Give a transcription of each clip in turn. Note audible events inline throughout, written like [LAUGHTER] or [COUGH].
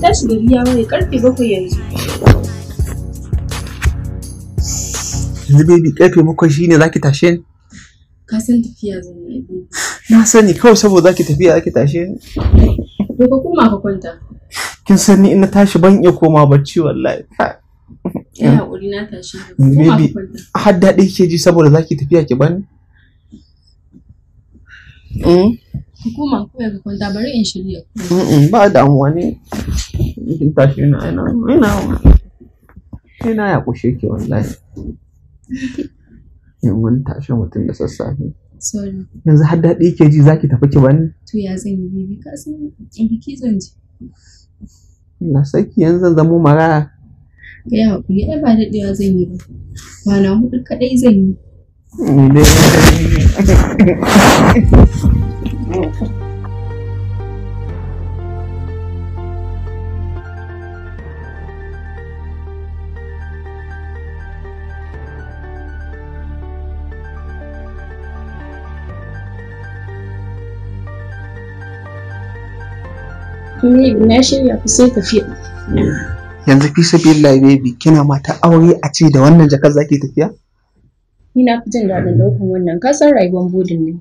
tashi gari ya waye karfe bakwai yanzu Ni baby karfe bakwai shine zaki tashe ni ka san tafiya zan yi na sani kawai saboda zaki tafiya zaki tashe ni to ka koma ka kwanta kin san ni ina tashi ban iya koma bacci wallahi ina hakuri na tashi koma ka kwanta har daɗi ke ji saboda zaki tafiya ki bani hmm? hukuma kawai ka kwanta bari in shirya ba damuwa ne kin tashi ina yana ina ina ya kushe ke wallahi in wani tashi mutum da sassafe yanzu har daɗi ke ji zaki tafi ki bani to ya zan yi bibi ka san in biki zan ji na saki yanzu zan zamo maraya ga ya hakuri ai ba daɗewa zan yi ba kwana hudu kaɗai zan yi ni dai [LAUGHS] na shirya Yanzu fi baby kina mata aure a ce da wannan jakar zaki tafiya? Ni na fi jin daɗin ɗaukan wannan kasar rayuwar budin ne.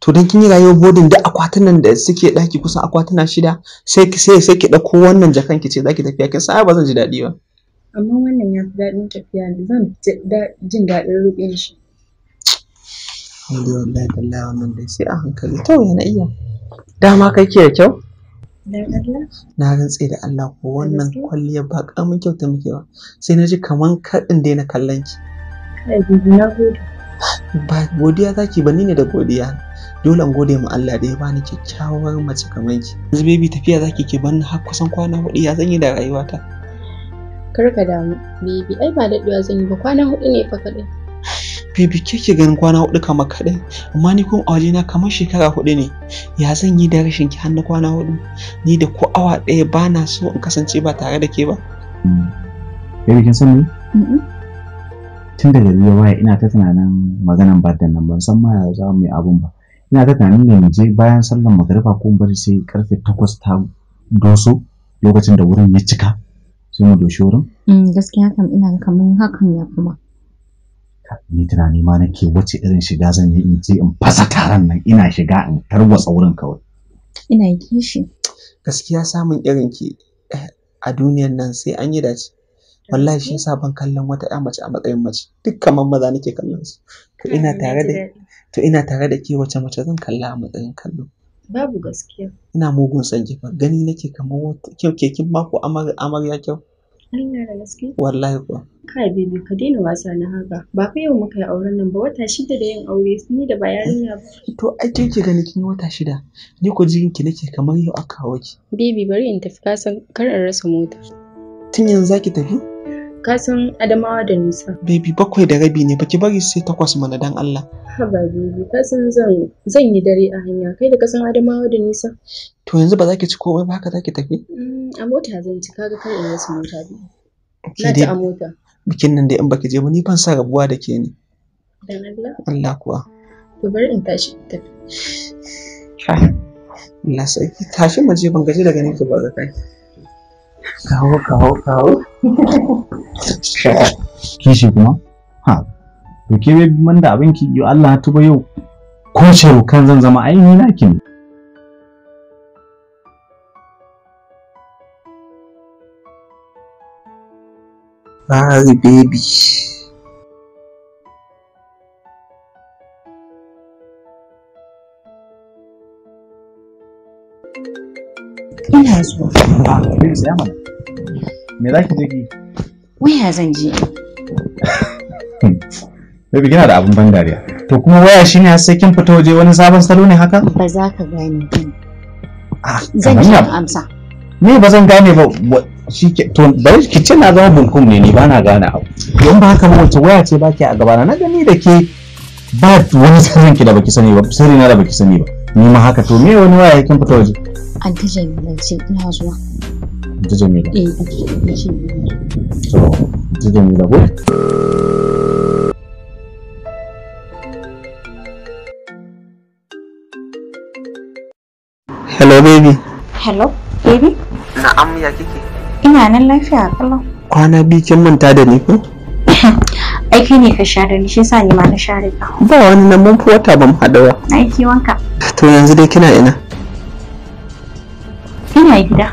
to dan kin yi rayuwar bodin da akwatunan da suke daki kusan akwatuna shida sai ki sai sai ki dauko wannan jakan ki ce zaki tafiya kin sai ba zan ji dadi ba amma wannan ya fi dadin tafiya ne zan jin dadin rubin shi Allah Allah wannan dai sai a hankali to yana na iya dama ke da kyau na rantse da Allah ko wannan kwalliya ba mun kyauta muke ba sai na ji kaman kaɗin daina kallon ki na gode ba godiya zaki ba ni ne da godiya dole in gode ma Allah da ya bani kyakkyawar mace kamar ki yanzu baby tafiya zaki ke ban har kusan kwana hudu ya zan yi da rayuwata kar ka damu baby ai ba daɗewa zan yi ba kwana hudu ne fa kaɗai baby ke ke ganin kwana hudu kamar kaɗai amma ni kuma a wajena kamar shekara hudu ne ya zan yi da rashin ki har na kwana hudu ni da ko awa ɗaya ba na so in kasance ba tare da ke ba. Mm. Baby kin san ni? tun da gari ya waye ina ta tunanin maganan da nan ban san ma ya za mu yi abun ba ina ta tunanin ne mu je bayan sallar magariba ko mu bari sai karfe takwas ta doso lokacin da wurin ya cika sai mu doshi wurin mm, gaskiya kam ina kaman hakan ya kuma ni tunani ma nake wace irin shiga zan yi in je in fasa taron nan ina shiga in tarwatsa wurin kawai ina kishi gaskiya samun irin ki eh, a duniyar nan sai an yi dace wallahi shi yasa ban kallon wata ƴa mace a matsayin mace duk kamar maza nake kallon su to ina tare da to ina tare da ke wace mace zan kalla a matsayin kallo babu gaskiya ina mugun son ki gani nake kamar wata kyau ke kin mako amarya kyau Allah wallahi kuwa kai bebe ka daina wasa na haka ba fa yau muka yi auren nan ba wata shida da yin aure ni da ba yarinya ba to ai kin ki gani kin yi wata shida ni ko jikin ki nake kamar yau aka kawo ki bebe bari in tafi kasan kar in rasa mota tun yanzu zaki tafi kasan adamawa da nisa. Baby bakwai da rabi ne baki bari sai takwas mana dan Allah. Haba baby kasan zan zan yi dare a hanya kai da kasan adamawa da nisa. To yanzu ba za ki ci komai ba haka za ki tafi? Mm, a mota zan ci kaga kar in wasu mota biyu. Na ci a mota. Bikin nan da in baki je ba ni ban sa rabuwa da ke ne. Dan Allah. Allah kuwa. To bari in tashi tafi. Ah, Allah sarki tashi mu je ban gaji daga ki ba ga kai. Kawo kawo kawo. kishi kuma ha to ke bai man da abin ki yo Allah tuba yau ko ce kan zan zama ainihi na ki ne baby. ina me za ki je waya zan je [LAUGHS] Baby kina da abin ban dariya. To kuma waya shine har sai kin fita waje wani sabon salo ne haka? Ba za ka gane ah, zan ji amsa. Ni ba zan gane ba shi to bari ki ce na zama bunkum ne ni ba na gane abu. Don ba haka ba waya ce baki a gabana na gani da ke ba wani sirrin ki da baki sani ba sirri na da baki sani ba. Ni ma haka to me wani waya kin fita waje? anti ina zuwa hello baby hello baby na'am ya kiki. ina nan lafiya kalau kwana biyu kin manta da ni ko [LAUGHS] aiki ne ka share ni shi yasa ni ma na share ka ba wani nan mun fi wata ban hada ba aiki wanka to yanzu dai kina ina mai gida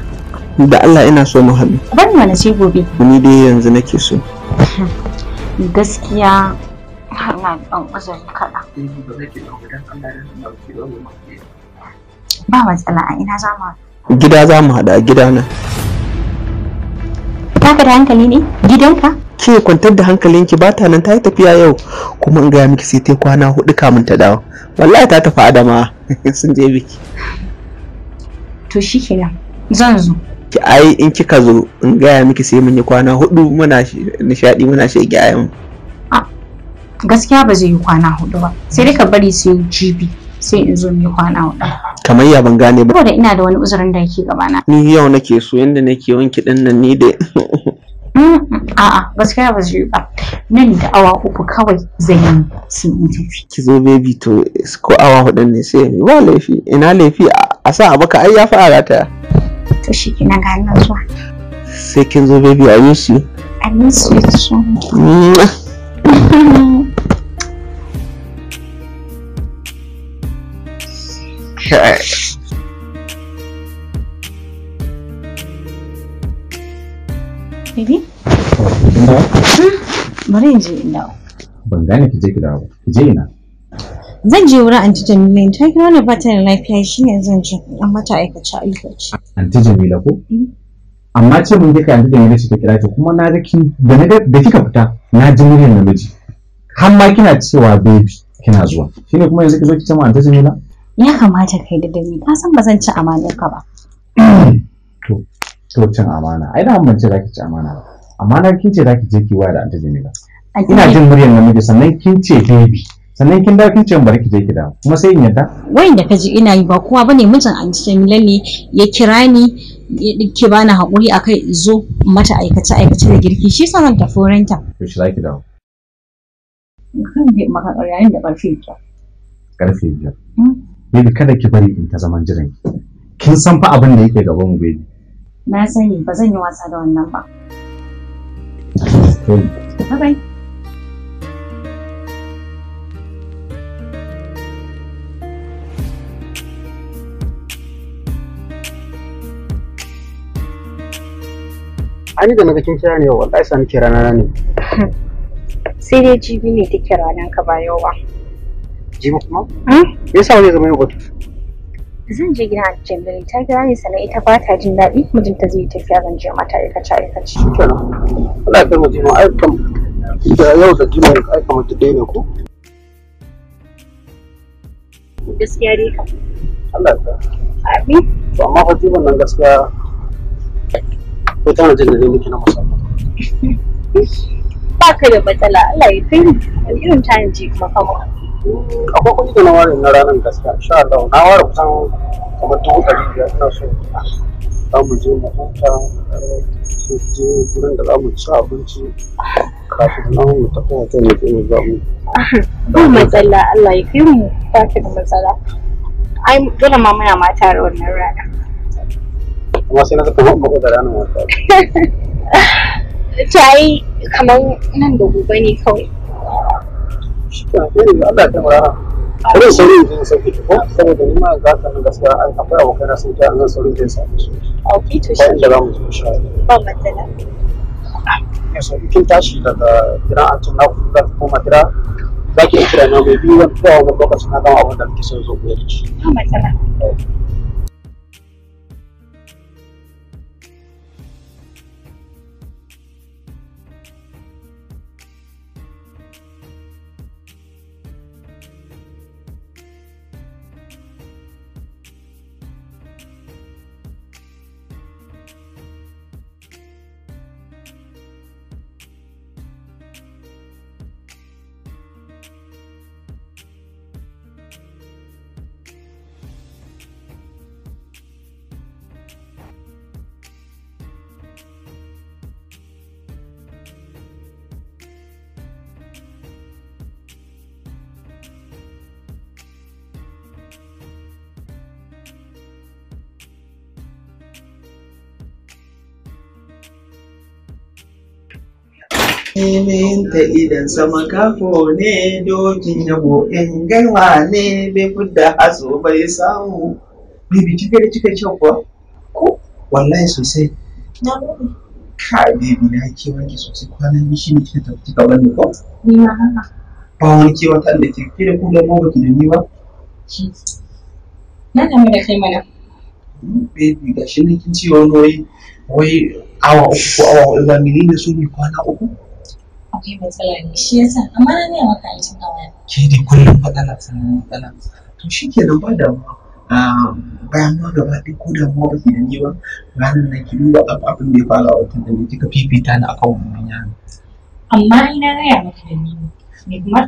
da Allah ina so mu haɗu bari mana ce gobe ni dai yanzu nake so gaskiya har na ɗan uzuri kaɗa ba matsala a ina za mu haɗu gida za mu haɗu a gida na taka da hankali ne gidanka ke kwantar da hankalinki ba ta nan ta yi tafiya yau kuma in gaya miki sai ta kwana hudu kamun ta dawo wallahi ta tafi adama [LAUGHS] sun je biki to shi kenan, zan zo ki ai in kika zo in gaya miki sai mun yi kwana hudu muna nishadi muna shege a gaskiya ba zai yi kwana hudu ba sai dai ka bari yi jibi sai in zo mu yi kwana hudu kamar ya ban gane ba saboda ina da wani uzurin da yake gabana ni yau nake so yanda nake wanki din nan ni da mm, a'a gaskiya ba zai yi ba nan da awa uku kawai zan yi sun tafi ki zo baby to ko awa hudun ne sai ba laifi ina laifi a a sa a baka ai ya fi a rataya to shi kina ga Allah zuwa sai kin zo baby i miss you i miss you too Baby? Hmm? Bari in je in dawo. Ban gane ki je ki dawo. Ki je ina. zan je wurin anti jamila ta kira wani ba ta da lafiya shine zan je an mata aikace aikace anti jamila ko mm. amma ce mun kika anti jamila ce ta kira ta kuma na ga da na da kika fita na ji muryar namiji har ma kina cewa baby kina zuwa shine kuma yanzu ki zo ki ce ma anti jamila ya kamata kai da dami ka san ba zan ci amanar ka ba [CLEARS THROAT] to to cin amana ai da mun ce zaki ci amana ba amana kin ce zaki je ki waya da anti jamila ina jin muryar namiji sannan kin ce baby sannan kin dawo kin ce bari ki je ki dawo kuma sai in yadda wayin da kaji ina yi ba kowa bane mijin an cikin lalle ya kira ni dinke bani hakuri akai zo mata aikace aikace da girki shi sa zan tafi wurin ta to shi zaki dawo kan je maka yayin da ta biyar ƙarfe ne baby kada ki bari in ta zaman jiran kin san fa abin da yake gaban mu baby na sani ba zan yi wasa da wannan ba Bye bye. ani da naga kin kira ne wallahi sani kira na ne [LAUGHS] sai dai jibi ne ta kira nan ka ba yawa jibi kuma hmm? me yasa wani zama yau ba zan je gida a jamil ta kira ni sannan ita ba ta jin daɗi mijinta zai tafiya zan je mata aikace aikace Allah kai ma aikam da yau da jima aikam mutum ɗaya ne ko gaskiya dai ka Allah ka abi amma fa jiban nan gaskiya ko tana jin da ne miki na musamman ba ka da matsala Allah ya kai ni irin tayin ji kuma kama akwai kuɗi da na ware na ranar gaskiya Sha Allah na ware kusan kamar dubu ɗari biyar ina so za mu je mu huta su je gurin da za mu ci abinci kafin nan mu tafi wajen mu je mu za mu ba matsala Allah ya kai mu ba ka da matsala ai dole ma muna mata da wannan rana kuma sai na saka mako da ranar wasa to ai kamar nan da gobe ne kawai shi Allah ta mara kuma sauri ne sauke ta ko saboda ni ma za ka nan gaskiya an akwai abokai na sun ta an sauri zai same su to shi da mu insha Allah ba matsala kin tashi daga gidan antum na kuma da kuma madira za ki kira na biyu wani kowa wani lokaci na gama abin da kike zo ku yi ba matsala Eminta idan sama kafo ne dokin yabo in gaiwa ne bai fudda hazo bai samu. Bibi da kuwa? Ko? Wallahi sosai. Na gode. bibi na kewa ki sosai kwanan ne kika tafi bani ko? Ni Ba wani kewa ta da ke fi da ku da ki da ni ba? Na da kai mana. Hmm, ga shi ne kin ce wani wai awa uku ko awa ba su ne kwana uku? akwai matsala ne shi yasa amma na gaya maka aikin a waya ke da kullum matsala sannan matsala to shi ke nan ba damuwa bayan ma ko damuwa ba ke da ni ba na ki duba abin da ya fara a watan da kika fifita ni akan wannan yaro amma ina da ni na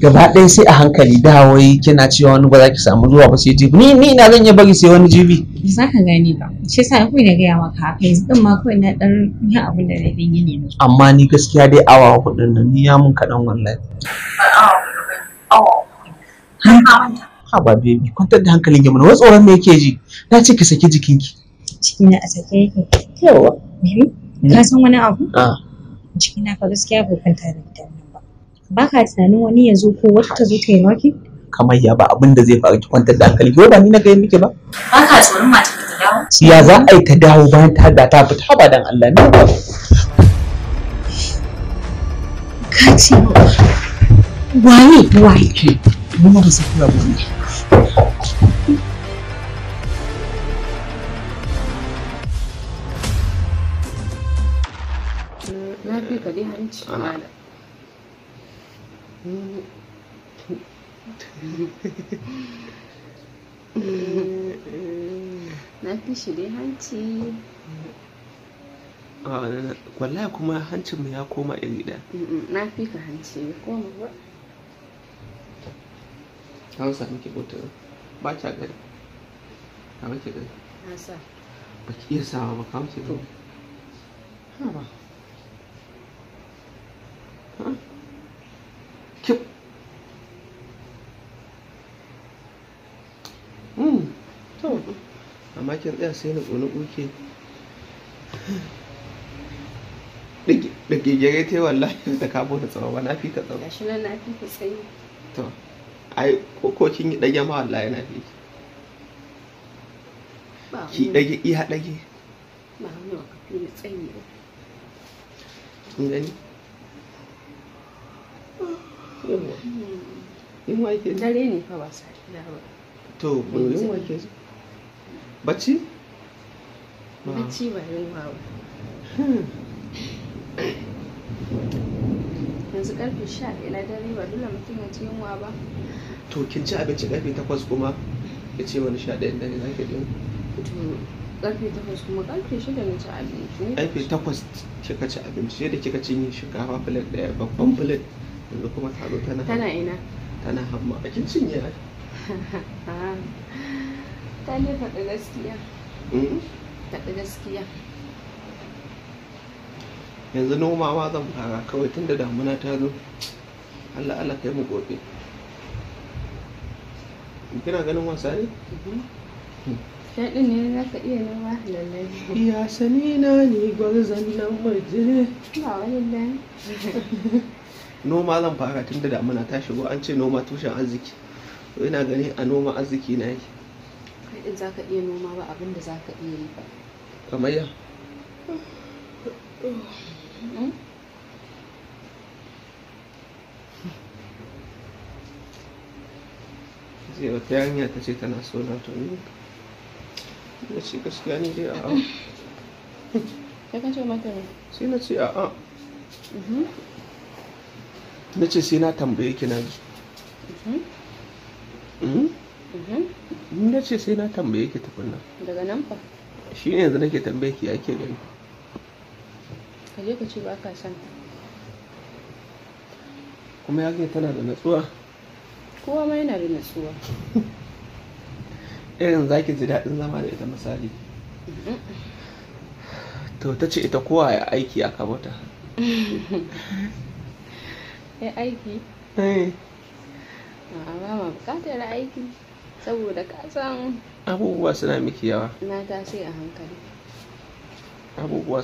gaba ɗaya sai a hankali da hawaye kina cewa wani ba za ki samu zuwa ba sai jibi ni ni na zan iya bari sai wani jibi ba za ka gani ba shi yasa ya na gaya maka haka yanzu din ma kawai na yi yin abin da na yi ne amma ni gaskiya dai awa kuɗin nan ni ya mun kaɗan wallahi ha ba baby kwantar da hankalin ki na wai tsoron me yake ji na ce ki saki jikinki ciki na a sake yake yawa ka san wani abu ah. cikina ka gaskiya bai kwanta da gidan ba ka tunanin wani ya zo ko wata ta zo ta yi maki kamar ya ba abin da zai faru ki kwantar da hankali ko ba ni na ga miki ba ba ka tsoron mata ta dawo ya za a yi ta dawo bayan ta da ta fita ba dan Allah ne ba ka ce waye waye ke mun ba su kula ba Na fi ka dai hanci. na fi shi dai hanci wallahi kuma hancin mu ya koma iri ɗaya na fi ka hanci ya koma ba wasa muke bota ba ta gari a muke gari ba ki iya sawa ba ka muke gari ha ba amma kin sai na tsoni uke da gegere ta yi wallahi [LAUGHS] da kabo da tsawo ba na fi ka tsawo ga shi na fi ku tsayi to ai ko kin yi dage ma wallahi na fi ki dage iya dage ba ka fi tsayi gani hmm. dare ne fa ba sai to wake bacci? bacci ba yunwa ba yanzu karfe sha ɗaya na dare ba dole mutum ya ci yunwa ba to kin ci abinci karfe takwas kuma ya ce wani sha ɗaya dare za ki ɗin karfe takwas kuma karfe shida na ci abinci karfe takwas kika ci abinci yadda kika cinye shinkafa filet ɗaya babban filet yanzu kuma ta tana tana ina tana hamma a kin cinye ta ne faɗi gaskiya hmm? faɗi gaskiya yanzu noma ma zan fara kawai tun da damuna ta zo allah allah kai mu gobe kina ganin wasa ne? Ya mhm. hmm. ne za ka iya noma lallai. sani na ne gwarzon nan waje. Ba wani [LAUGHS] Noma zan fara tun da damuna ta shigo an ce noma tushen arziki. Ina gani a noma arziki na yi. ɗin za ka iya noma ba abin da za ka iya yi ba ya zai wata ta ce tana so na to na ce gaskiya ne dai a'a ya kace mata ne sai na ce a'a mhm. na ce sai na tambaye ki na ji mhm. ce sai na tambaye ki nan daga nan fa shi ne yanzu nake tambaye ki ake gani ka je ka ce ba ka san kuma ya ga tana da natsuwa kowa ma yana da natsuwa [LAUGHS] irin za ki ji daɗin zama da ita misali to ta ce ita kowa ya aiki a kabota [LAUGHS] ya aiki? Eh. a ba ma bukatar aiki saboda kasan abubuwa suna miki yawa na tashi a hankali abubuwa